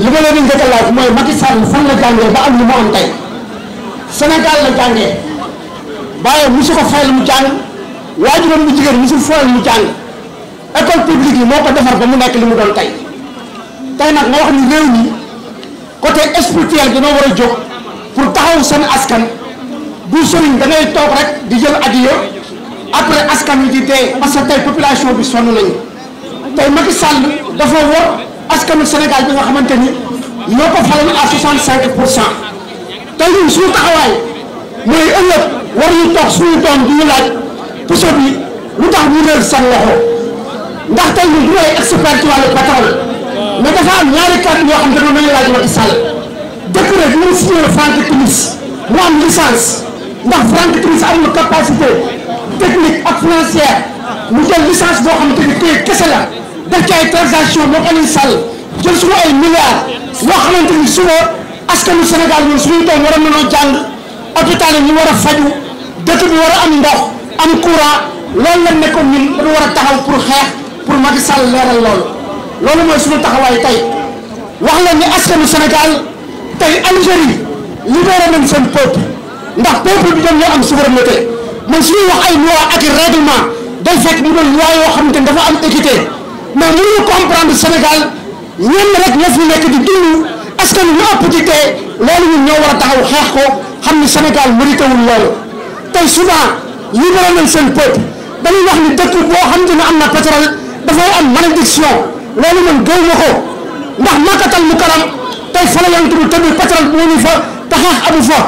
li ma leen di njëkk a laaj mooy Macky Sall fan la jàngee ba am lu mu am tey Sénégal la jàngee waaye mosu ko fayal mu jàng waajuram bu jigéen mosu fayal mu jàng école publique yi moo ko defar ba mu nekk li mu doon tey tey nag nga wax ni réew mi côté spirituel dañoo war a jóg pour taxaw seen askan bu sëriñ da toog rek di jël adiya après askan wi di dee parce que tey population bi sonn nañu tey Macky dafa war. tamit Sénégal bi nga xamante ni ñoo ko faloon à 65 pour cent tey jii suñu taxawaay mooy ëllëg war ñu toog suñu doom di ñu puso bi lu tax ñu réer seen loxo ndax tey ñun du ay expert ci wàllu pétrole mais dafa am ñaari kàddu yoo xam ne dañoo Sall décret bi mu signé Frank Timis mu am licence ndax Frank Timis am na capacité technique ak financière mu jël licence boo xam ne kii kese la def ci ay transaction moo jël suñu ay milliards yoo xamante ni suba askanu Sénégal ñun suñuy doom waroon nañoo jàng hôpital ñu war a faju dëkk bi war a am ndox am courant loolu la nekkoon ñun dañu war a taxaw pour xeex pour Macky Sall leeral loolu loolu mooy suñu taxawaay tey wax leen ni askanu Sénégal tey Algérie libéré nañ seen peuple ndax peuple bi dem ñoo am souveraineté man suñuy wax ay loi ak règlement day fekk mu doon loi yoo xamante ni dafa am équité mais mënuñu comprendre ñenn rek ñoo fi nekk di dund askan wi ñu ëpp ci tey loolu ñun ñoo war a taxaw xeex ko xam ni Sénégal mérité wul loolu tey souvent libéré nañ seen peuple dañuy wax ni dëkk boo xam ne am na pétrole dafay am malédiction loolu man gëw ma ko ndax makkatal mu karam tey fa la yant bi tëdd pétrole moo ñu fa taxaax amu fa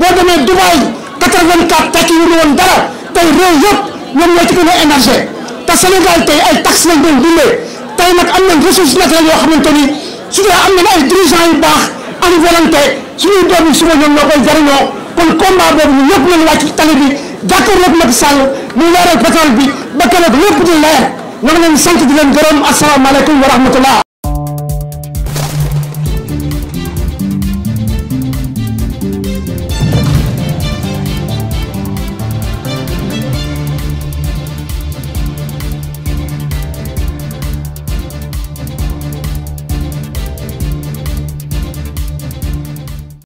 boo demee Dubaï 84 tekki yu ñu woon dara tey réew yëpp ñoom ñoo ci gën a émergé te Sénégal tey ay taxes lañ doon dundee nak am nañ ressource naturelle yoo xamante ni su am nañ ay dirigeants yu baax am volonté suñu doomi yi ñom ñoom jarino kon combat bobu ñu ñëpp lañu wàcc ci tali bi jakkar jàkkaarloog nak Sall mu leeral pétrole bi ba keroog lépp di leer ñoo ngi leen sant di leen gërëm assalamu alaykum wa rahmatullah